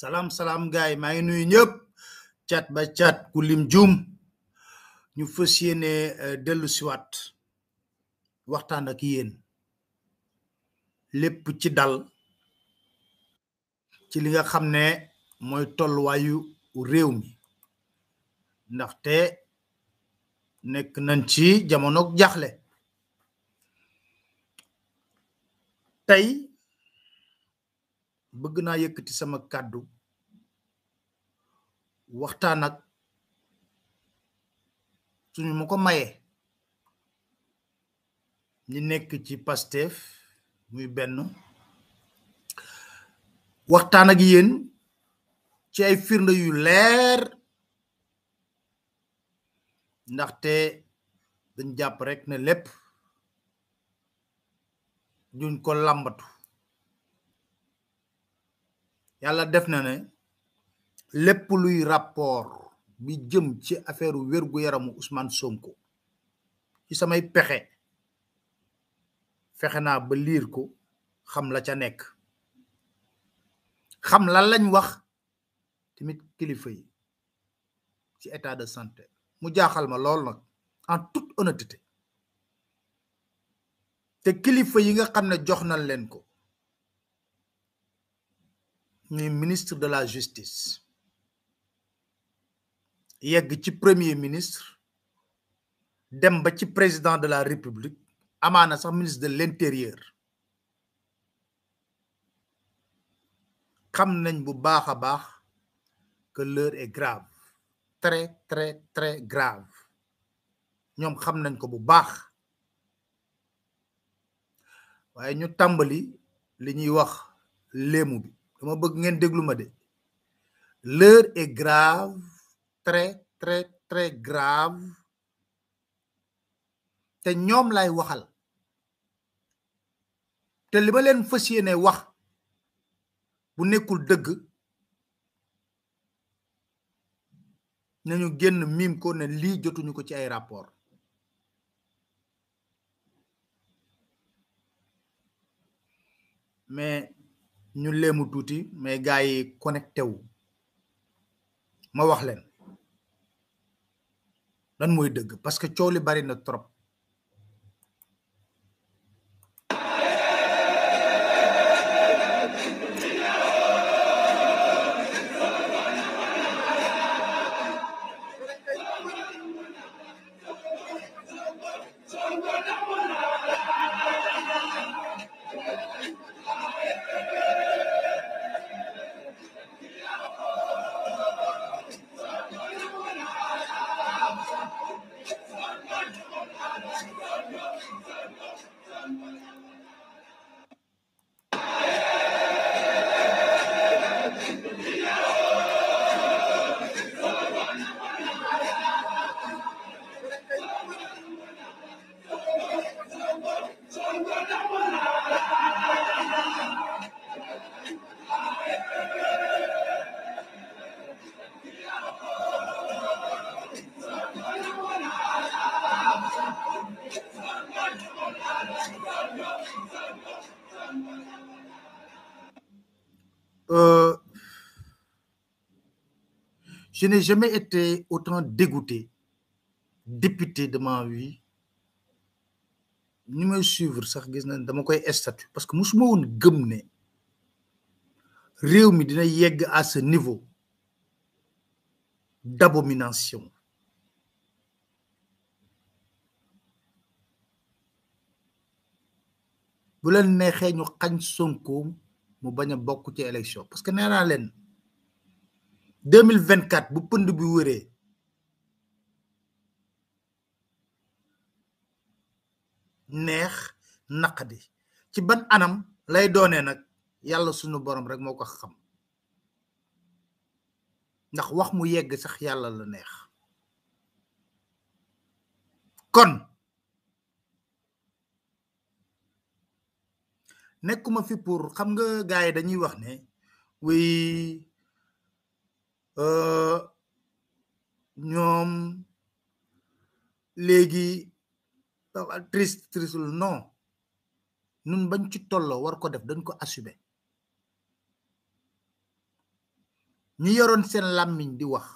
salaam salaam gaay maa ngi nuyu ñëpp cat ba cat ku lim juum ñu fas yéene euh, dellu siwaat waxtaan ak yéen lépp ci dal ci li nga xam ne mooy tolluwaayu réew mi ndaxte nekk nañ ci jamono jaxle tey bëgg na yëkkati sama kàddu waxtaan ak suñu mu ko mayee ñu nekk ci Pastef muy benn waxtaan ak yéen ci ay firnde yu leer ndaxte dañ jàpp rekk ne lépp duñ ko làmbatu yàlla def na ne lépp luy rapport bi jëm ci affaire wér-gu-yaramu Ousmane Sonko ci samay pexe fexe naa ba liir ko xam la ca nekk xam la lañ wax tamit kilifayi ci état de santé mu jaaxal ma lool nag en toute honnêteté te kilifa yi nga xam ne jox nañ leen ko ñuy ministre de la justice yegg ci premier ministre dem ba ci président de la république amaana sax ministre de l'intérieur xam nañ bu baax a baax que leur et grave très très très grave ñoom xam nañ ko bu baax waaye ñu tàmbali li ñuy wax léemu bi dama bëgg ngeen déglu ma de l'heure est grave très très très grave te ñoom lay waxal te li ma leen fas yéene wax bu nekkul dëgg nañu génn miim ko ne lii jotuñu ko ci ay rapport mais ñu mu tuuti mais gars yi connecté wu ma wax leen lan mooy dëgg parce que coow li bari na trop n'ai jamais été autant dégoûté, dépité de ma vie. nu may suivre sax gis nañ dama koy statut parce que musuma woon gëm ne réew mi dina yegg à ce niveau d'abomination bu leen neexee ñu xañ Sonko mu bañ a bokk ci élection parce que nee naa leen deux mille vingt quatre bu pënd bi wëree neex naqadi ci ban anam lay doone nag yàlla sunu borom rek moo ko xam ndax wax mu yegg sax yàlla la neex kon nekkuma fi pour xam nga gars yi dañuy wax ne wuy Euh, ñoom léegi triste triste lu non nun bañ ci tolloo war ko def dañ ko assumer ñi yoroon seen làmmiñ di wax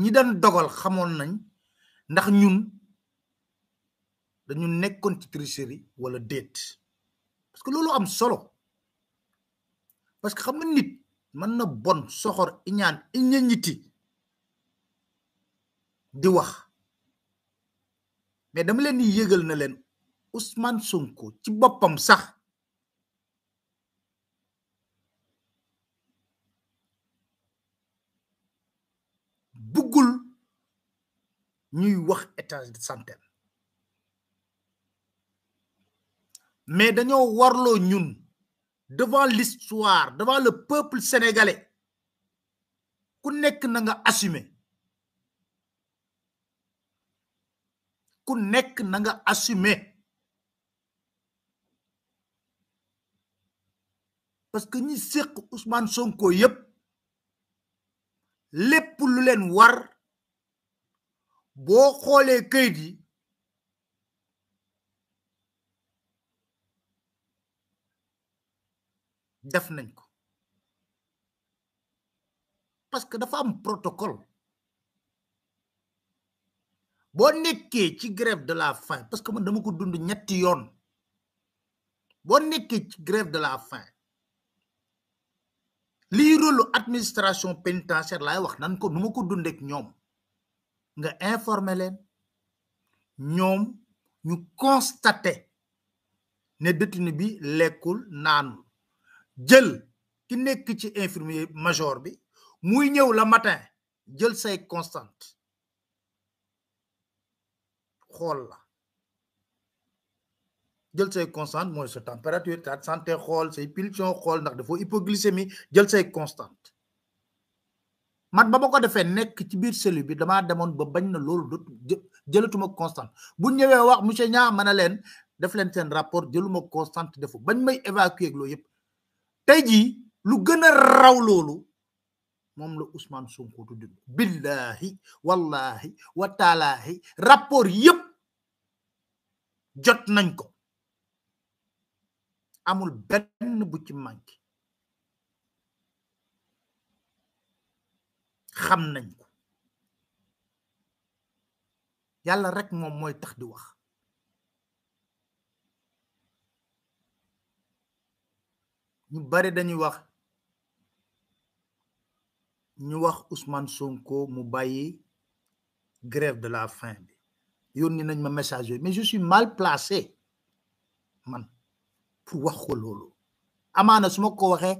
ñi daan dogal xamoon nañ ndax ñun dañu nekkoon ci tricherie wala déet parce que loolu am solo parce xam nga nit mën na bon soxor iñaan iña ñiti di wax mais dama leen di yëgal na leen Ousmane Sonko ci boppam sax buggul ñuy wax état de santé mais dañoo warloo ñun devant l'histoire devant le peuple sénégalais ku nekk na nga ku nekk na nga assumer parce que ni séq Ousmane Sonko yépp lépp lu leen war boo xoolee kayit yi def nañ ko parce que dafa am protocole boo nekkee ci grève de la faim parce que man dama ko dund ñetti yoon boo nekkee ci grève de la faim lii rôlu administration pénitentiaire lay wax nan ko nu ma ko dundeek ñoom nga informer leen ñoom ñu constate ne détenu bi lekkul naanul jël ki nekk ci infirmier major bi muy ñëw la matin jël say constant xool la jël say constante mooy sa température ta santé xool say pulsion xool ndax dafa mi jël say constant mat ba ma ko defee nekk ci biir cellule bi damaa demoon ba bañ na loolu dootu jëlatuma constante bu ñëwee wax monsieur ñaa mën a leen def leen seen rapport jëluma constante defu bañ may évacuer loolu yëpp tey jii lu gën a raw loolu moom la Ousmane Sonko tuddu billahi wallahi wataalaahi rapport yëpp jot nañ ko amul benn bu ci manqué xam nañ ko yàlla rek moom mooy tax di wax ñu bari dañuy wax ñu wax Ousmane Sonko mu bàyyi grève de la faim bi yónni nañ ma message yooyu mais je suis mal placé man pour wax ko loolu amaana su ma ko waxee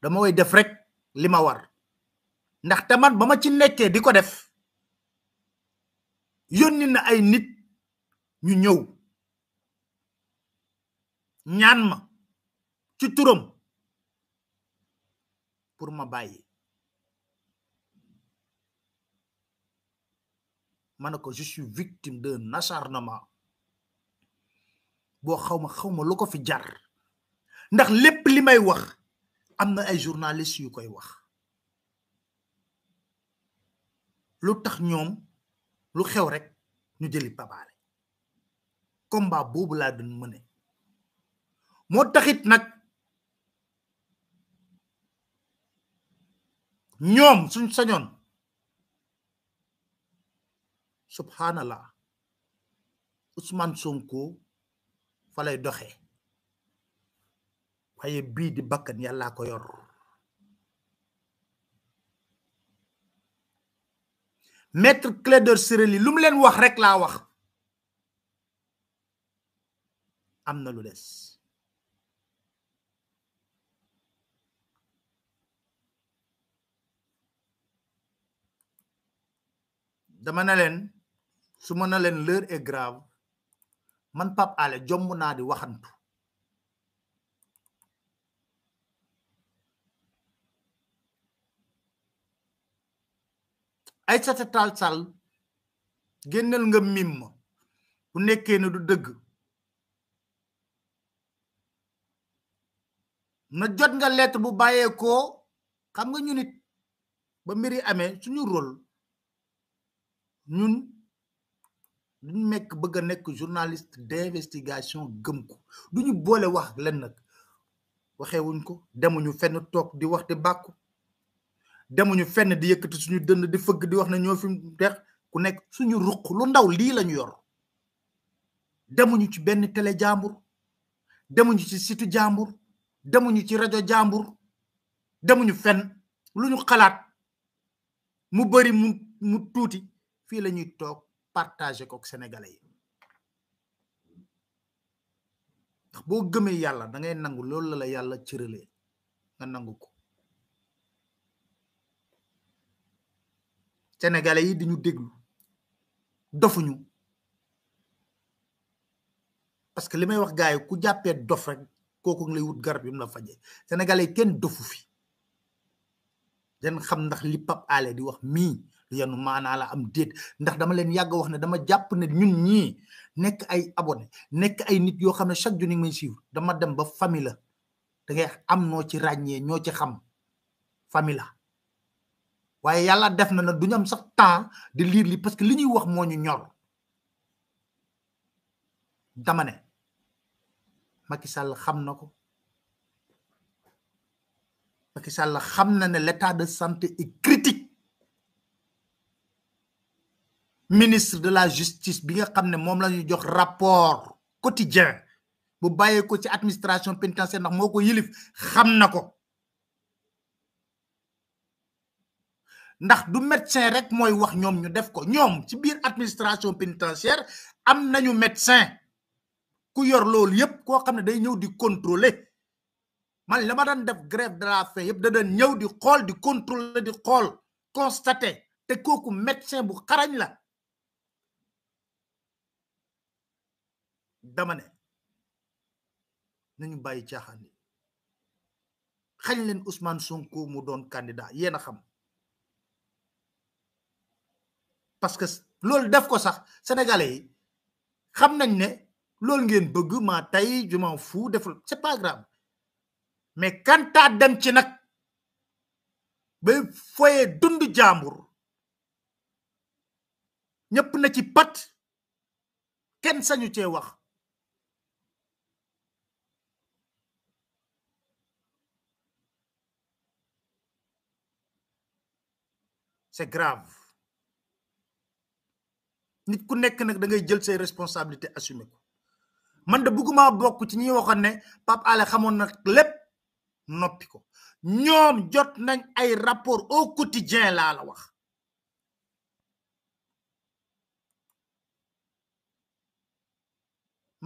dama way def rek li ma war ndax tamat ba ma ci nekkee di ko def yónni na ay nit ñu ñëw ñaan ma ci turam pour ma bàyyi ma ne ko je suis victime d'un acharnement boo xaw ma xaw ma lu ko fi jar ndax lépp li may wax am na ay journalistes yu koy wax lu tax ñoom lu xew rek ñu jëli pabaale combat boobu laa doon mëne moo taxit nag ñoom suñ sañoon subhanallah Ousmane Sonko fa lay doxee waaye bii di bakkan yàllaa ko yor maître Clédor Ciré Ly lu mu leen wax rek laa wax am na lu des dama na leen su ma na leen l'heure est grave man Pape jomb naa di waxantu Aïssata Tall Sall génneel nga mim bu nekkee na du dëgg na jot nga lettre bu bàyyeekoo xam nga ñu nit ba mbiri amee suñu rôle ñun duñ nekk bëgg a nekk journaliste d'investigation gëm ko ñu boole wax len nag waxeewuñ ko demuñu fenn toog di wax di bàkku demuñu fenn di yëkkati suñu dënn di fëgg di wax ne ñoo fi dex ku nekk suñu ruq lu ndaw lii lañu yor demuñu ci benn télé jàmbur demuñu ci situ jàmbur demuñu ci rajo jàmbur demuñu fenn lu ñu xalaat mu bari mu mu tuuti fii la ñuy toog partagé ko ak yi ndax boo gëmee yàlla da ngay nangu loolu la la yàlla cëralee nga nangu ko sénégalais yi di ñu déglu dofuñu parce que li may wax gars yi ku jàppee dof rek kooku lay wut garab yi mu la fajee sénégalais yi kenn dofu fi den xam ndax li Pape di wax mii yenu maanaa la am déet ndax dama leen yàgg wax ne dama jàpp ne ñun ñii nekk ay abonné nekk ay nit yoo xam ne chaque jour ni may suivre dama dem ba famille la da ngay am noo ci ràññee ñoo ci xam famille la waaye yàlla def na na duñu am sax temps di lire li parce que li ñuy wax moo ñu ñor dama ne Macky Sall xam na ko Macky Sall xam na ne letat de santé est critique ministre de la justice bi nga xam ne moom la ñu jox rapport quotidien bu bàyyee ko ci administration pénitentiaire ndax moo ko yilif xam na ko ndax du médecin rek mooy wax ñoom ñu def ko ñoom ci biir administration pénitentiaire am nañu médecin ku yor loolu yépp koo xam ne day ñëw di contrôler man la ma daan def grève de la faim yëpp da daan ñëw di xool di contrôler di xool constater te kooku médecin bu xarañ la dama ne nañu bàyyi caaxaan yi xañ leen Ousmane Sonko mu doon candidat yéen a xam parce que loolu def ko sax sénégalais yi xam nañ ne loolu ngeen bëgg maa tey je m'en fous deful pas grave mais kantaa dem ci nag bay foyee dund jaambur ñëpp na ci pat kenn sañu cee wax c'est grave nit ku nekk nag dangay jël say responsabilité assumer ko man de bëgguma bokk ci ñi waxoon ne Pape Alé xamoon na lépp noppi ko ñoom jot nañ ay rapport au quotidien laa la wax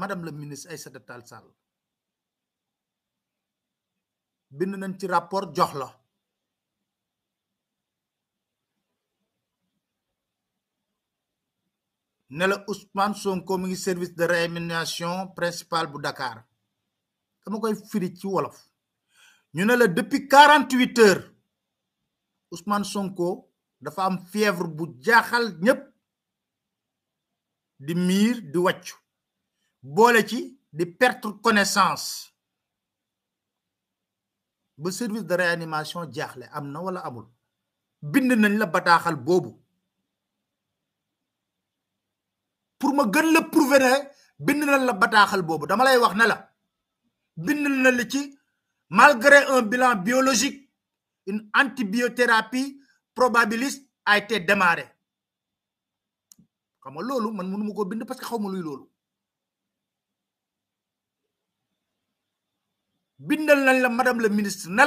madame la ministre Aïssata Tall Sall bind nañ ci rapport jox ne la Ousmane Sonko mi ngi service de réanimation principale bu dakaar dama koy firi ci wolof ñu ne la depuis quarante huit heures Ousmane Sonko dafa am fièvre bu jaaxal ñépp di miir di wàccu boole ci di perdre connaissance ba service de réanimation jaaxle am na wala amul bind nañ la bataaxal boobu pour ma gën la prouver ne bind na la bataaxal boobu dama lay wax ne la bind na la ci malgré un bilan biologique une antibiothérapie probabiliste a été démarrée xam nga loolu man mënu ko bind parce que xaw ma luy loolu bindal nañ la madame la ministre ne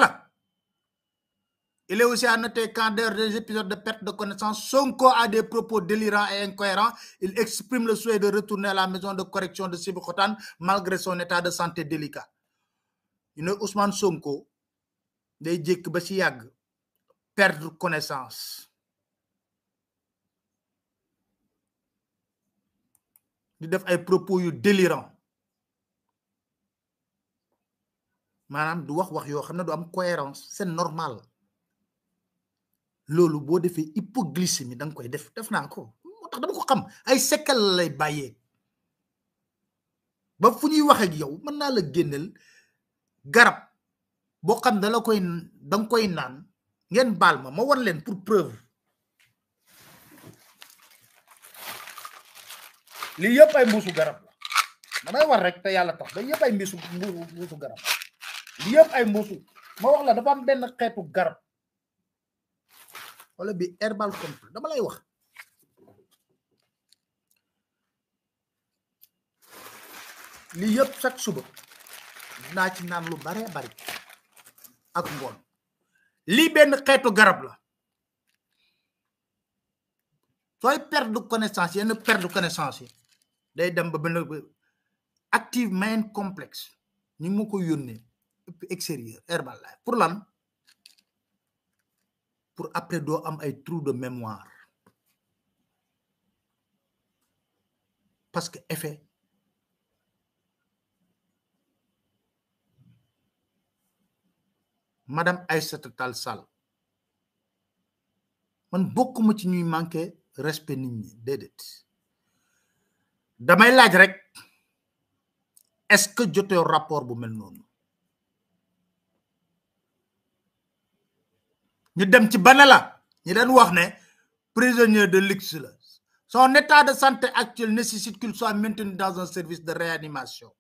Il est aussi à noter qu'en dehors des épisodes de perte de connaissance, Sonko a des propos délirants et incohérents. Il exprime le souhait de retourner à la maison de correction de Sibokhotan malgré son état de santé délicat. ñu ne Ousmane Sonko day jékk ba ci yàgg perdre connaissance di def ay propos yu délirant maanaam du wax wax yoo xam ne du am cohérence c'est normal loolu boo defee hypoglycémie da nga koy def def naa ko moo tax dama ko xam ay sekkal lay bàyyee ba fu ñuy wax ak yow mën naa la génneel garab boo xam da la koy da koy naan ngeen baal ma ma war leen pour preuve lii yëpp ay mbuusu garab la damay war rek te yàlla tax da yëpp ay mbuusu mbuusu garab lii yëpp ay mbuusu ma wax la dafa am benn xeetu garab wala bi herbal complet dama lay wax lii yëpp chaque suba naa ci naan lu baree bari ak ngoon lii benn xeetu garab la sooy perdre connaissance yenn perdre connaissance yi day dem ba benn active main complexe ñu ko yónnee extérieur herbal la pour lan pour après doo am ay trous de mémoire parce que effet madame ay Tall Sall man bokkuma ci ñuy manqué respect nit ñi déedéet damay laaj rek es ce que jotee rapport bu mel noonu ñu dem ci Benalla ñi leen wax ne prisonnier de luxe la son état de santé actuel nécessite qu'il soit maintenu dans un service de réanimation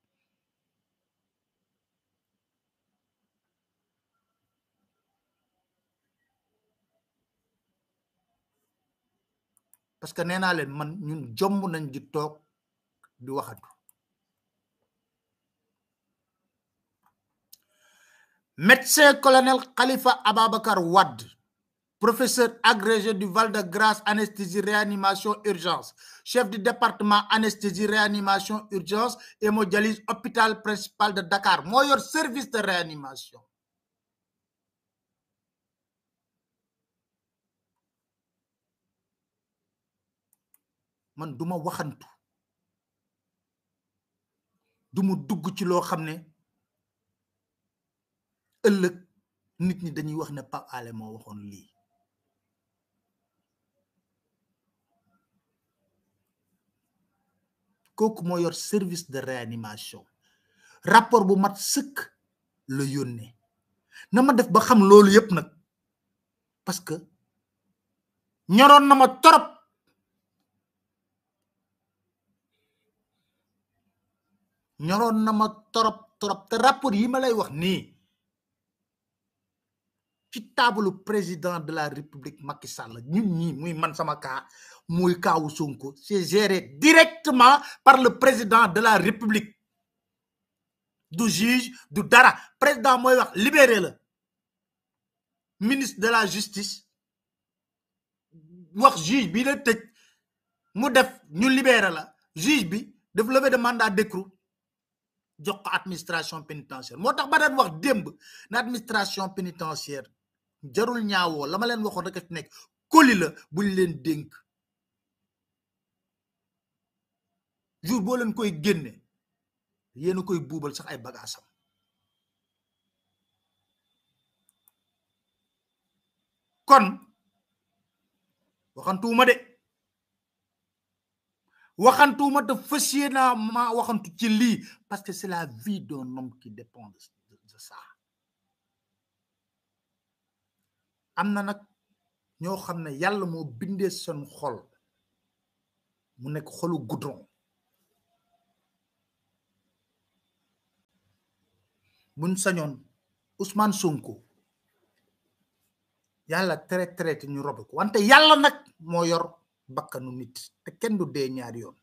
parce que nee naa leen man ñun jomb nañ di toog di waxatu médecin colonel Khalifa Ababacar Wade professeur agrégé du Val-de-Grâce anesthésie réanimation urgence chef du département anesthésie réanimation urgence hémodialyse hôpital principal de Dakar moo yor service de réanimation man duma waxantu du mu dugg ci loo xam ne ëllëg nit ñi dañuy wax ne Pape Alé moo waxoon lii kooku moo yor service de réanimation rapport bu mat sëkk la yónnee na ma def ba xam loolu yépp nag parce que ñoroon na ma torop ñoroon na ma torop torop te rapport yi ma lay wax nii ci taabalu président de la république Macky Sall ñun ñii muy man sama cas muy kaawu Sonko c'est géré directement par le président de la république du juge du dara président mooy wax libéré la ministre de la justice wax juge bi la tëj mu def ñu libéré la juge bi def levé de mandat d'écrou jox ko administration pénitentiaire moo tax ba daan wax démb na administration pénitentiaire jarul ñaawo lama leen waxoon rek nekk kolila la leen dénk jour boo leen koy génne yéen a koy buubal sax ay bagaasam kon waxantuuma de waxantuuma te fas ma waxantu ci lii parce que c'est la vie d'un homme qui dépend de ça am na nag ñoo xam ne yàlla moo bindee seen xol mu nekk xolu goudron buñ sañoon usmaan Sonko yàlla traité traité ñu robe ko wante yàlla nag moo yor bakkanu nit te kenn du dee ñaari yoon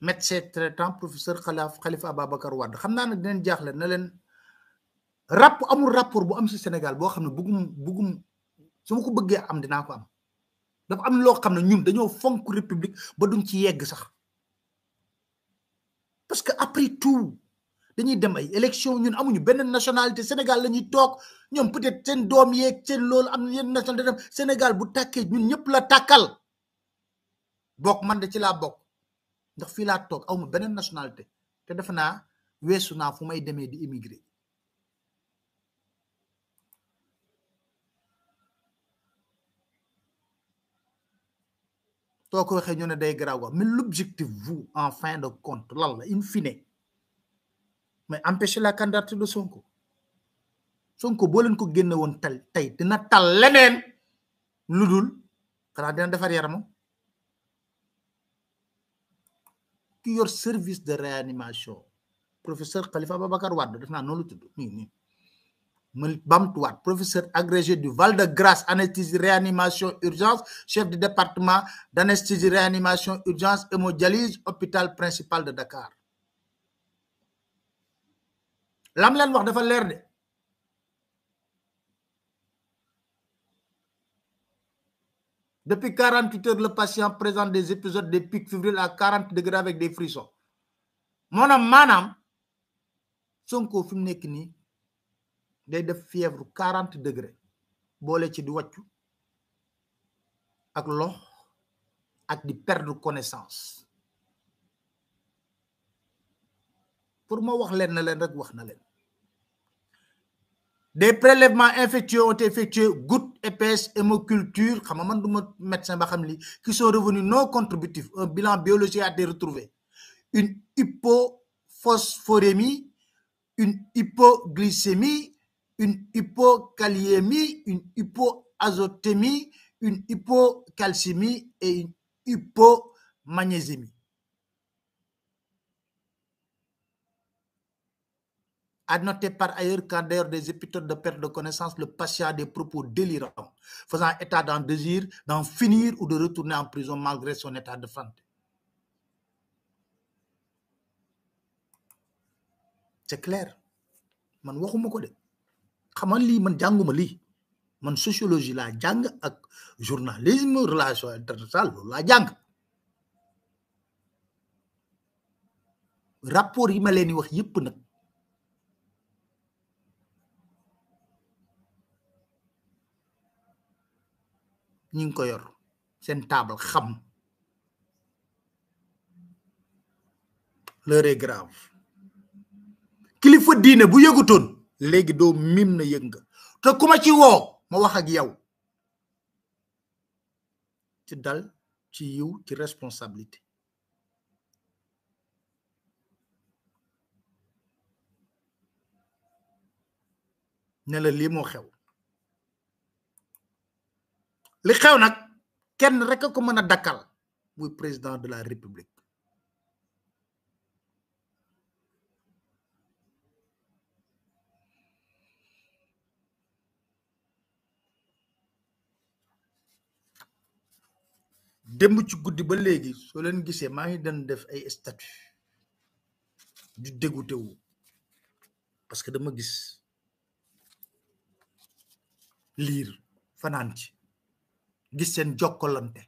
médecin traitant professeur xalaaf Khalifa Ababacar Wade xam naa ne dinañ jaaxle na leen rapp amul rapport bu am si Sénégal boo xam ne bëggum bëggum su ma ko bëggee am dinaa ko am dafa am loo xam ne ñun dañoo fonk république ba duñ ci yegg sax parce que après tout dañuy dem ay élection ñun amuñu benn nationalité Sénégal la ñuy toog ñoom peut-être seen doom yeeg seen loolu am na yenn nationalité Sénégal bu tàkkee ñun ñëpp la tàkkal bokk man de ci laa bokk ndax fii laa toog awma beneen nationalité te defe naa weesu naa fu may demee di immigré too ko waxee ñu ne day garaaw quoi mais l'objectif en fin de compte lan la in fine mais empêcher la candidature de Sonko Sonko boo leen ko génne woon tal tey dina tal leneen lu dul xanaa dina defar yaram ki yor service de réanimation professeur Khalifa Babacar Wade def naa noonu lu tudd nii nii ma bamtuwaat professeur agrégé du Val de Grâce anesthésie réanimation urgence chef du département d'anesthésie réanimation urgence hémodialyse hôpital principal de Dakar lam wax dafa leer de Depuis 48 heures, le patient présente des épisodes de pics fébriles à 40 degrés avec des frissons. maanaam maanaam Sonko fi mu nekk nii day def fièvre quarante degré boole ci di wàccu ak lox ak di perdre connaissance pour ma wax leen na leen rek wax na leen des prélèvements infectieux ont été effectués gouttes épaisses hémoculture xam nga man du ma médecin ba xam li qui sont revenus non contributifs un bilan biologique a été retrouvé une hypophosphorémie une hypoglycémie une hypokaliémie une hypoazotémie une hypocalcémie et une hypomagnésémie À noter par ailleurs qu'en dehors des épisodes de perte de connaissance, le patient a des propos délirants, faisant état d'un désir d'en finir ou de retourner en prison malgré son état de santé. C'est clair. man waxuma ko de xam lii man jànguma li man sociologie laa jàng ak journalisme relation internationale loolu laa jàng rapport yi ma leen di wax yëpp nag. ñi ngi ko yor seen taabal xam l'heure est grave kilifa diine bu yëgutoon léegi doo mim na yëg nga te ku ma ci woo ma wax ak yow ci dal ci yiw ci responsabilité ne la lii moo xew li xew nag kenn rek a ko mën a dakkal muy président de la république démb ci guddi ba léegi soo leen gisee maa ngi den def ay statut di dégoûté parce que dama gis liir fanaan ci gis seen jokkalante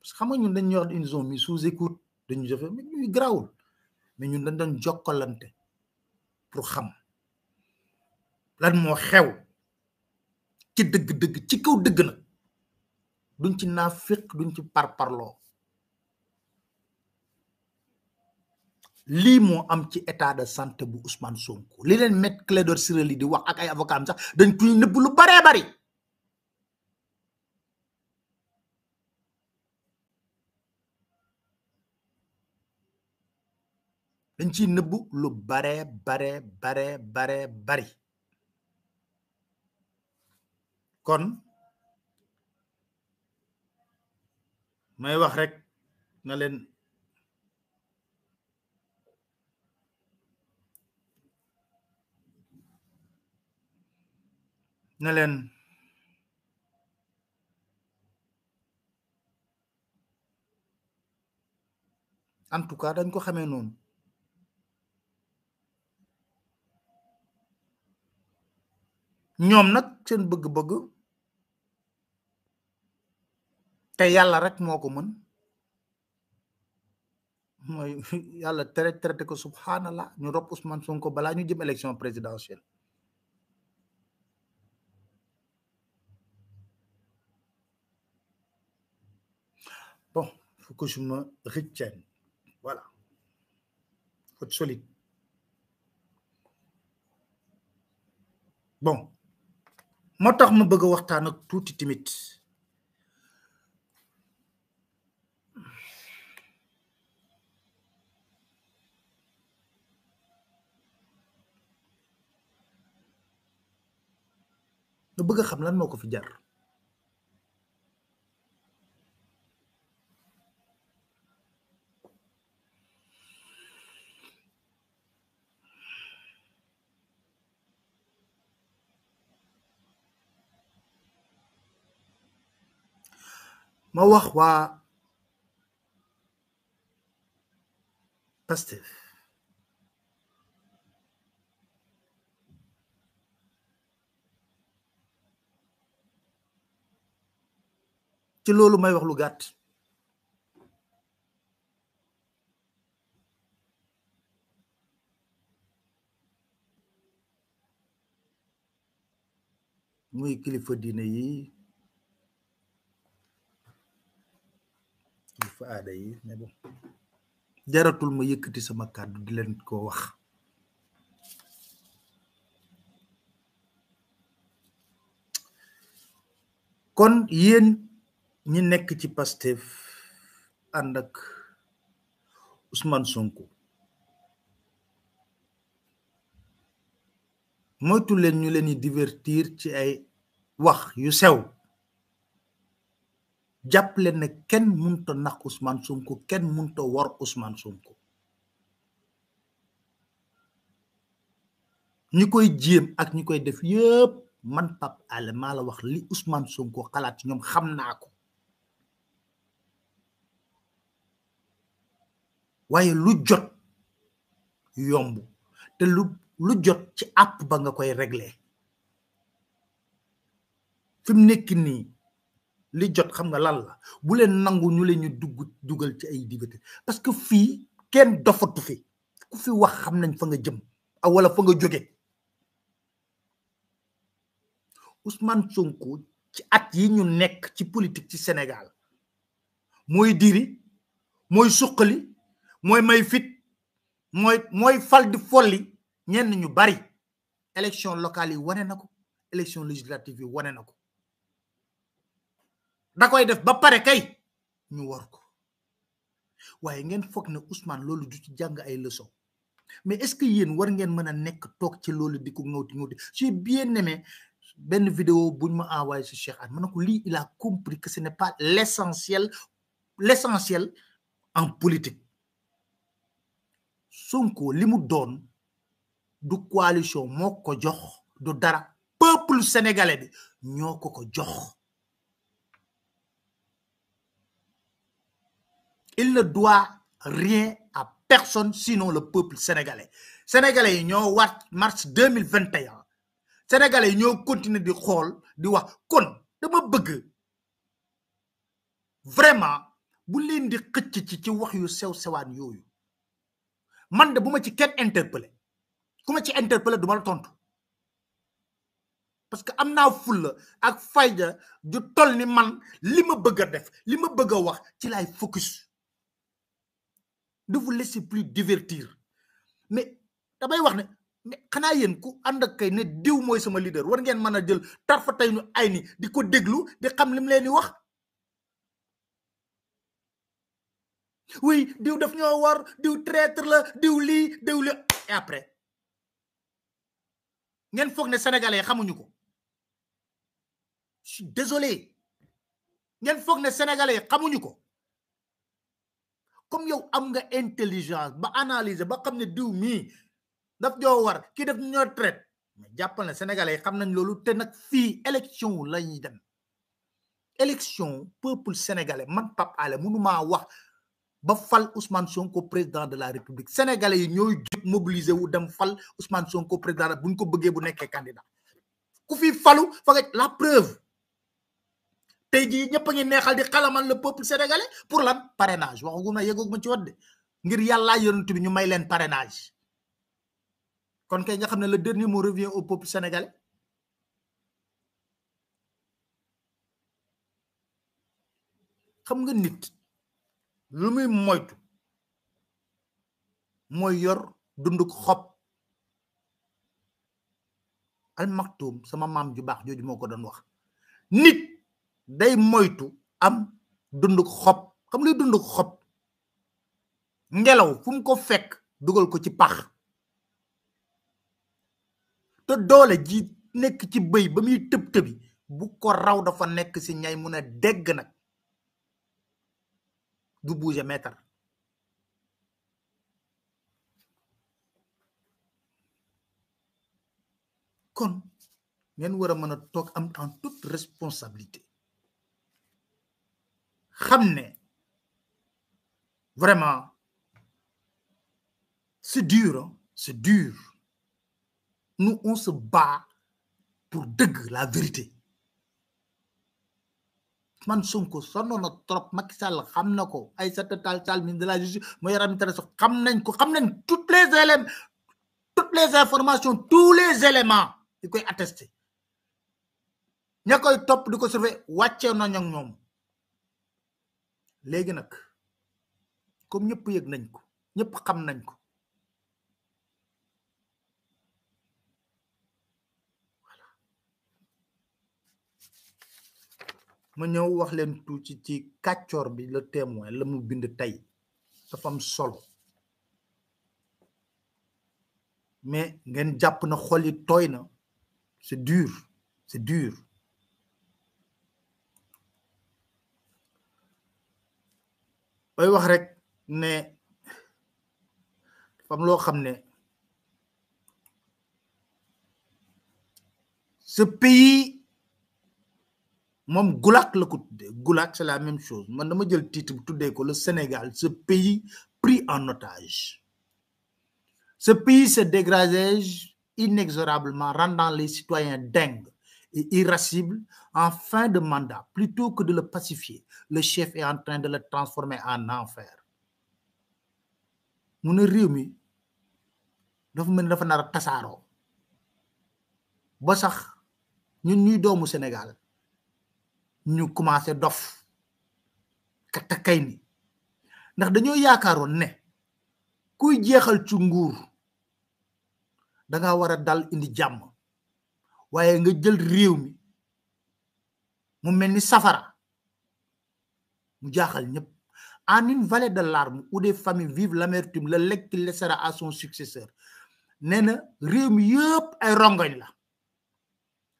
parce que xam nga ñun dañ yor une zone mi sous écoute dañu jëfe mais ñuy grawul mais ñun dañ doon jokkalante pour xam lan moo xew ci dëgg-dëgg ci kaw dëgg na duñ ci naafiq duñ ci parparloo lii moo am ci état de santé bu Ousmane Sonko li leen met Clédor Ciré Ly di wax ak ay avocat am sax dañ koy nëbb lu baree bari dañ ciy nëbbu lu bare baree baree bari kon may wax rek na leen na leen en tout cas dañ ko xamee noonu ñoom nag seen bëgg-bëgg te yàlla rek moo ko mën mooy yàlla tere traité ko subhanallah ñu rob Ousmane Sonko balaa ñu jëm élection présidentielle bon faut que je me retienne voilà faut être bon moo tax ma bëgg a waxtaan ak tuuti tamit nga bëgg a xam lan moo ko fi jar ma wax waa Pastef ci loolu may wax lu gàtt muy kilifa diina yi kilifa aada yi mais bon jaratul ma yëkkati sama kàddu di leen koo wax kon yéen ñi nekk ci Pastef ànd ak Ousmane Sonko moytu leen ñu leen di divertir ci ay wax yu sew jàpp leen ne kenn mënut a nax Ousmane Sonko kenn mënut a wor Ousmane ko ñi koy jéem ak ñi koy def yëpp man Pape maa la wax li Ousmane Sonko xalaat ci ñoom xam naa ko waaye lu jot yomb te lu lu jot ci àpp ba nga koy regle fi nekk nii. li jot xam nga lan la bu leen nangu ñu leen ñu dugg dugal ci ay diggante parce que fii kenn dofatu fi ku fi wax xam nañ fa nga jëm a ah, wala fa nga jóge Ousmane Sonko ci at yi ñu nekk ci politique ci Sénégal mooy diri mooy suqali mooy may fit mooy mooy fal di folli ñenn ñu bari élection locale yi wane na ko élection législative yi wane na ko da koy def ba pare kay ñu war ko waaye ngeen foog ne Ousmane loolu du ci jàng ay leçon mais est-ce que yéen war ngeen mën a nekk toog ci loolu di ko ŋawti ŋawti j'ai bien aimé benn vidéo buñ ma envoyé si Cheikh Anne mën ne ko lii il a compris que ce pas l'essentiel l'essentiel en politique Sonko li doon du coalition moo ko jox du dara peuple sénégalais bi ñoo ko ko jox il ne doit rien à personne sinon la peuple sénégalais sénégalais yi ñoo war mars deux mille vingt et sénégalais yi ñoo continuer di xool di wax kon dama bëgg vraiment bu leen di xëcc ci ci wax yu sew sewaan yooyu man de bu ma ci kenn interpellé ku ma ci interpellé du ma la tontu parce que am naa fulla ak fayda ju toll ni man li ma bëgg def li ma bëgg a wax ci laay focus ne vous laissez plus divertir mais damay wax ne mais xanaa yéen ku ànd ak kay ne diw mooy sama leader war ngeen mën a jël tarfa tey ay ni di ko déglu di xam li mu leen di wax oui diw daf ñoo war diw traître la diw lii diw lii et après ngeen foog ne sénégalais xamuñu ko je suis désolé ngeen foog ne sénégalais xamuñu ko comme yow am nga intelligence ba analyser ba xam ne diw mii daf joo war kii daf ñoo traite mais jàppal na sénégalais yi xam nañ loolu te nag fii élection la ñuy dem élection peuple sénégalais man Pape Alé ma wax ba fal Ousmane Sonko président de la République sénégalais yi ñooy jug mobiliser wu dem fal Ousmane Sonko président bu ñu ko bëggee bu nekkee candidat ku fi falu fa la preuve tey jii ñëpp a ngi neexal di xalamal le peuple sénégalais pour lan parrainage waxagu ma yëgagu ma ci wat de ngir yàllaa yonent bi ñu may leen parrainage kon kay nga xam ne la derni mot revient au peuple sénégalais xam nga nit lu muy moytu mooy yor dunduk xob al maktoum sama maam ju baax jooju moo ko doon wax nit day moytu am dund xob xam luy dund xob ngelaw fu mu ko fekk dugal ko ci pax te doole ji nekk ci bëy ba muy tëb tëbi bu ko raw dafa nekk si ñay mun a dégg nag du bouger mètre kon ngeen war a mën a toog am en toute responsabilité xam ne vraiment c'est dur c'est dur nous on se bat pour dëgg la vérité man Sonko sonnoon na trop Macky Sall xam na ko ay Tall Sall ministre de la justice mooy yaram intéressé xam nañ ko xam nañ toutes les éléments toutes les informations tous les éléments di koy attesté ña koy topp di ko surveiller wàccee nañ ak ñoom léegi nag comme ñépp yëg nañ ko ñëpp xam nañ ko ma ñëw wax leen tuuti ci kàccoor bi la témoin la mu bind tey dafa am solo mais ngeen jàpp na xol tooy na c'est dur c'est dur bay wax rek ne fam loo xam ne ce pays moom gulaak la ko tuddee gulaak c'est la même chose man dama jël titre bu tuddee ko le Sénégal ce pays pris en otage ce pays se dégradage inexorablement rendant les citoyens dingues et irascible en fin de mandat, plutôt que de le pacifier, le chef est en train de le transformer en enfer. mu ne réew mi dafa mel ni dafa nar a tasaaroo ba sax ñun ñuy doomu Sénégal ñu commencé dof katakay ni ndax dañoo yaakaaroon ne kuy jeexal ci nguur danga war a dal indi jàmm waaye nga jël réew mi mu mel ni safara mu jaaxal ñëpp en une vallée de larmes où famille familles vivent l'amertume le legs qu'il laissera à son successeur nee na réew mi yëpp ay rongoñ la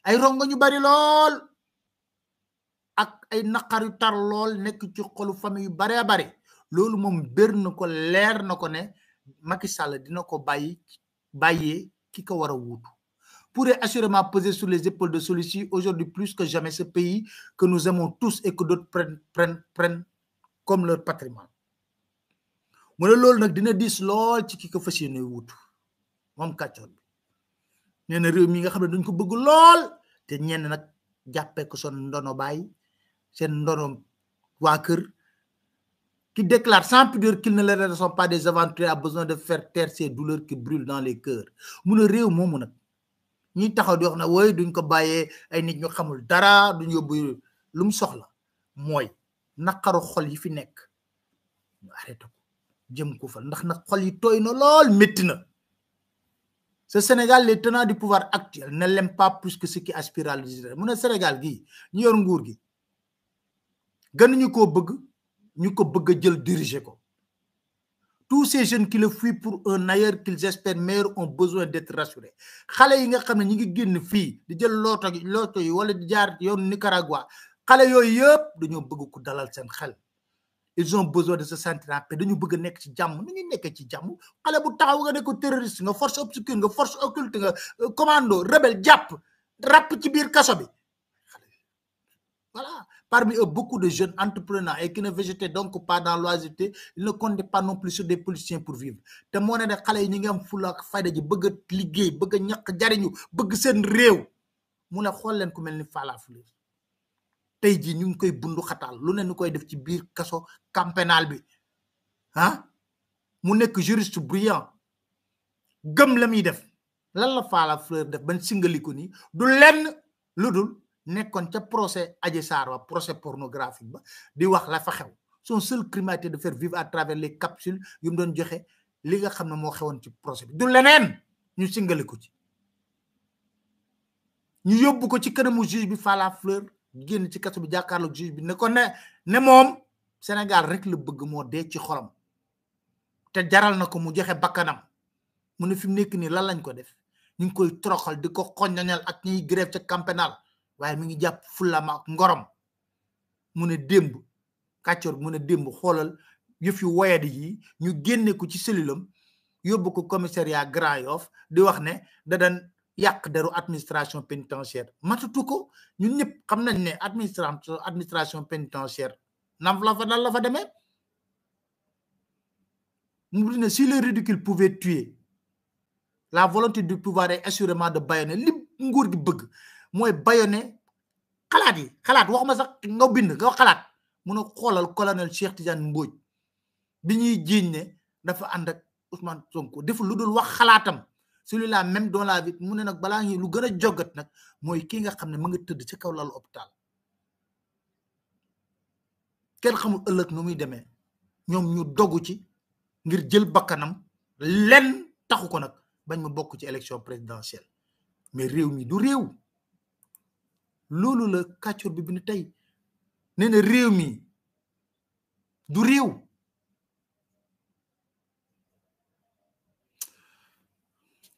ay rongoñ yu bari lool ak ay naqar yu tar lool nekk ci xolu famille yu baree bari loolu moom bér na ko leer na ko ne Macky Sall dina ko bàyyi bàyyee ki ko war a pourrait assurément peser sur les épaules de celui-ci aujourd'hui plus que jamais ce pays que nous aimons tous et que pren comme leur patrimoine mu ne loolu nag dina dis lool ci ki ko fas wutu moom kàccoon bi nee réew mi nga xam ne duñ ko bëgg lool te ñenn nag jàppee ko son ndono baay seen ndono waa kër qui déclare sans pudeur qu'ils ne les sont pas des aventuriers a besoin de faire taire ces douleurs qui brûlent dans les cœurs mu ne réew moomu nag ñi taxaw di wax na wooy duñ ko bàyyee ay nit ñu xamul dara ñu yóbbu lu mu soxla mooy naqaru xol yi fi nekk ñu arrêté ko jëm ko fa ndax na xol yi tooy na lool métti na ce Sénégal les tenants du pouvoir actuel ne l'aiment pas que ce qui aspire à l'Israël mu ne Sénégal gi ñu yor nguur gi gënuñu ko bëgg ñu ko bëgg a jël diriger ko tous ces jeunes qui le fuient pour un ailleurs qu'ils espèrent meilleur ont besoin d'être rassurés xale yi nga xam ne ñu ngi génn fii di jël looto looto yi wala di jaar yoon Nicaragua xale yooyu yëpp dañoo bëgg ku dalal seen xel ils ont besoin de sa sentir en paix dañu bëgg a nekk ci jàmm nu ñuy nekke ci jàmm xale bu taxaw nga ne ko terroriste nga force obscure nga force occulte nga euh, commando rebelle jàpp rap ci biir kaso bi Parmi eux, beaucoup de jeunes entrepreneurs et qui ne végétaient donc pas dans l'oisiveté, ils ne comptaient pas non plus sur des politiciens pour vivre. te moo ne de xale yi ñu ngi am fulla ak fayda ji bëgg a liggéey bëgg a ñàkk jariñu bëgg seen réew mu ne xool leen ku mel ni Falla Fleur tey jii ñu ngi koy bundu xataal lu ne ñu koy def ci biir kaso camp pénal bi ah mu nekk juriste brillant gëm la muy def lan la Falla Fleur def ban singali ko nii du lenn lu dul nekkoon ca procès Adji Sarr wa procès pornographique ba di wax la fa xew son seul crime de faire vivre à travers les capsules yu mu doon joxe li nga xam ne moo xewoon ci procès bi du leneen ñu singale ko ci ñu yóbbu ko ci kanamu juge bi Falla Fleur génn ci kaso bi jàkkaarloog juge bi ne ko ne ne moom Sénégal rek la bëgg moo dee ci xolam te jaral na ko mu joxe bakkanam mu ne fi mu nekk nii lan lañ ko def ñu ngi koy troxal di ko xoññañal ak ñuy grève ca camp waaye mi ngi jàpp fulam ngorom mu ne démb kàccoor mu ne démb xoolal yëf yu woyadi yi ñu génne ko ci cellulam yóbbu ko commissariat Grand Yoff di wax ne da daan yàq deru administration pénitentiaire matatu ko ñun ñëpp xam nañ ne administration administration pénitentiaire nam la fa dal la demee mu di ne si le ridicule pouvait tuer la volonté du pouvoir est assurément de bâillonner li nguur gi bëgg mooy bayone xalaat yi xalaat waxuma sax nga bind nga xalaat mun a xoolal colonel Cheikh Tidiane Mbodj bi ñuy jiiñ ne dafa ànd ak Ousmane Sonko deful lu dul wax xalaatam celui laa même dans la vie mu ne nag balaa ngi lu gën a jogat nag mooy kii nga xam ne mu nga tëdd ci kaw lalu hôpital kenn xamul ëllëg nu muy demee ñoom ñu doggu ci ngir jël bakkanam lenn taxu ko nag bañ ma bokk ci élection présidentielle mais réew mi du réew loolu la kàccoor bi bind tey nee na réew mi du réew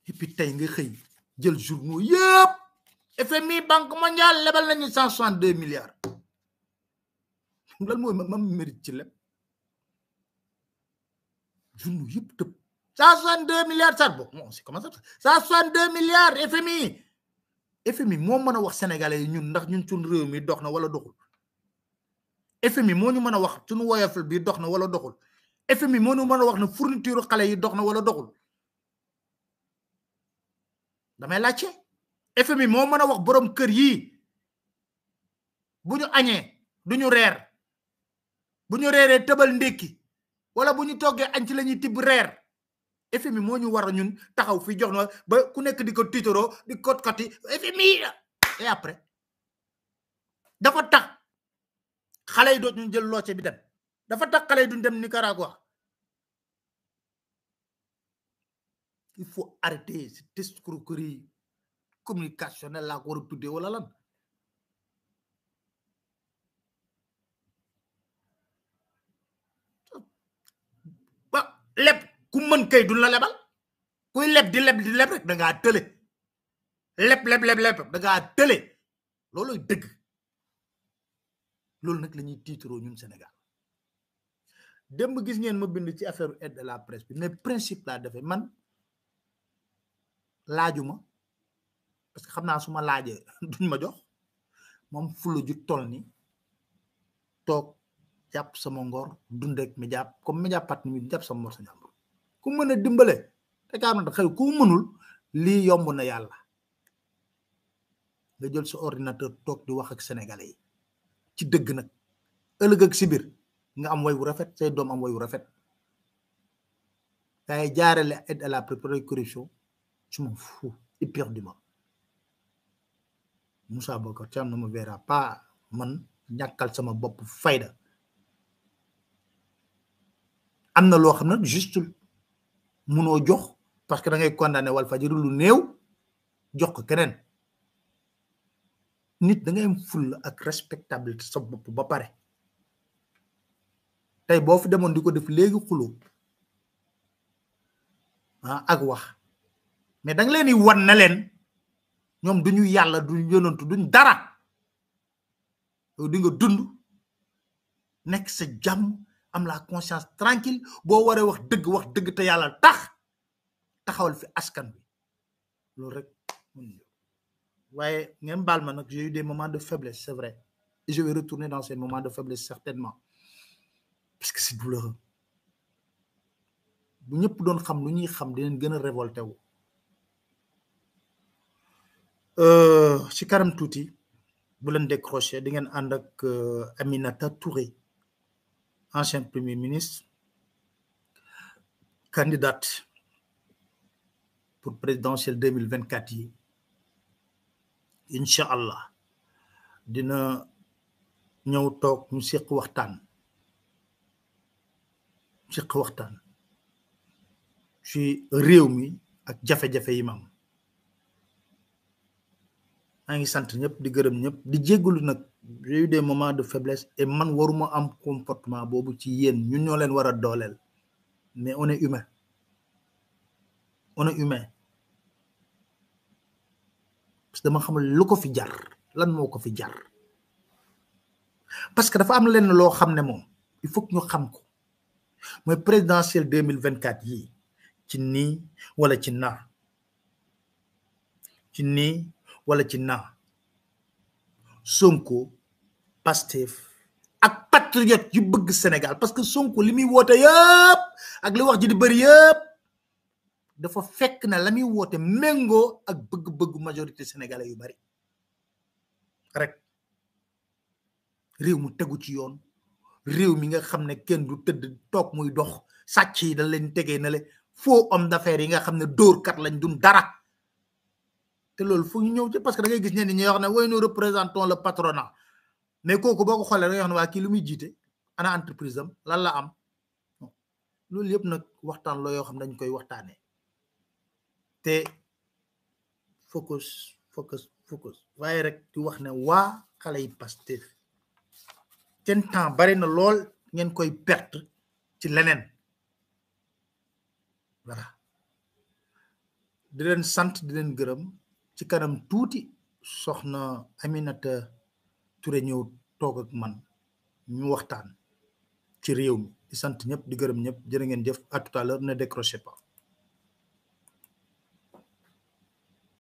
et puis tey nga xëy jël journaux yëpp FMI banque mondiale lebal nañu cent soixante deux milliards lan mooy mam mérite ci leb journaux yëpp tëb cent deux milliards sar bo moom cent soixante deux milliards FMI FMI moo mën a wax sénégalais yi ñun ndax ñun suñu réew mi dox na wala doxul FMI moo ñu mën a wax suñu woyofal bii dox na wala doxul FMI moo ñu mën a wax na fourniture xale yi dox na wala doxul damay laajte FMI moo mën a wax borom kër yii bu ñu añee du ñu reer bu ñu reeree tëbal ndékki wala bu ñu toggee añ ci lañuy tibb reer FMI moo ñu war a ñun taxaw fii jox na ba ku nekk di ko tiitaroo di kot koti FMI et après dafa tax xale yi dootuñu jël looce bi dem dafa tax xale yi duñ dem Nicaragua il faut arrêter cette escroquerie communicationnelle laa ko war a tuddee walla lan ba lépp ku mën kay du la lebal kuy leb di leb di leb rek da ngaa tële leb leb leb leb da ngaa tële loolooy dëgg loolu nag lañuy ñuy tiitaroo ñun Sénégal démb gis ngeen ma bind ci affaire aide de la presse bi mais principe laa defee man laajuma parce que xam naa su ma laajee duñ ma jox moom fula ju tol ni toog jàpp sama ngor dund ak média comme média partenaire bi jàpp sama ngor sa ñàmb ku mën a dimbale te ka am na xëy ku mënul lii yomb na yàlla nga jël sa ordinateur toog di wax ak sénégalais yi ci dëgg nag ëllëg ak si nga am way wu rafet say doom am way wu rafet waaye jaarale aide à la préparation je m'en fous éperdument Moussa Bocar Thiam ne me verra pas man ñàkkal sama bopp fayda am na loo xam ne juste munoo jox parce que da ngay condamné Walfadjri lu néew jox ko keneen nit da ngay am ak respectabilité sa bopp ba pare tey boo fi demoon di ko def léegi xuloo ah, ak wax mais da nga leen di wan na leen ñoom duñu yàlla duñu yonantu duñ dara di nga dund nekk sa jàmm am la conscience tranquille boo waree wax dëgg wax dëgg te yàlla tax taxawal fi askan bi loolu rek waaye ngeen baal ma nag j'ai eu des moments de faiblesse c'est vrai et je vais retourner dans ces moments de faiblesse certainement parce que c'est douloureux bu ñëpp doon xam lu ñuy xam dinañ gën a révolté wu si euh, kanam tuuti bu leen décroché di ngeen ànd ak euh, Aminata Touré ancien premier ministre candidate pour présidentielle 2024 yi incha allah dina ñëw toog ñu seq waxtaan seq waxtaan ci réew mi ak jafe-jafe yi mam maa ngi sant ñëpp di gërëm ñëpp di jéggalu nag j'ai eu de faiblesse et man waruma am comportement boobu ci yéen ñun ñoo leen war a dooleel mais on est humain on est humain parce que dama xamul lu ko fi jar lan moo ko fi jar parce que dafa am lenn loo xam ne moom il faut ñu xam ko mooy présidentielle deux mille vingt quatre yii ci nii walla ci naa ci nii walla ci naa Sonko Pastef ak patriote yu bëgg Sénégal parce que Sonko li muy woote yëpp ak li wax ji di bëri yëpp dafa fekk na la muy woote méngoo ak bëgg-bëggu majorité sénégalais yu bari rek réew mu tegu ci yoon réew mi nga xam ne kenn du tëdd toog muy dox sàcc yi dañ leen tegee na le faux homme d'affaires yi nga xam ne doorkat lañ dun dara te loolu foog ñu ñëw ci parce que da ngay gis ñenn ñi wax ne way nous représentons le patronat mais kooku boo ko xoolee da nga wax ne waa kii lu muy jiite ana entreprise am lan la am loolu yépp nag waxtaan la yoo xam ne dañ koy waxtaanee te focus focus focus waaye rek di wax ne waa xale yi Pastef seen temps bari na lool ngeen koy perte ci leneen voilà di leen sant di leen gërëm ci kanam tuuti soxna aminateur Touré ñëw toog ak man ñu waxtaan ci réew mi di sant ñëpp di gërëm ñëpp jërë ngeen jëf à tout à l'heure ne décrochez pas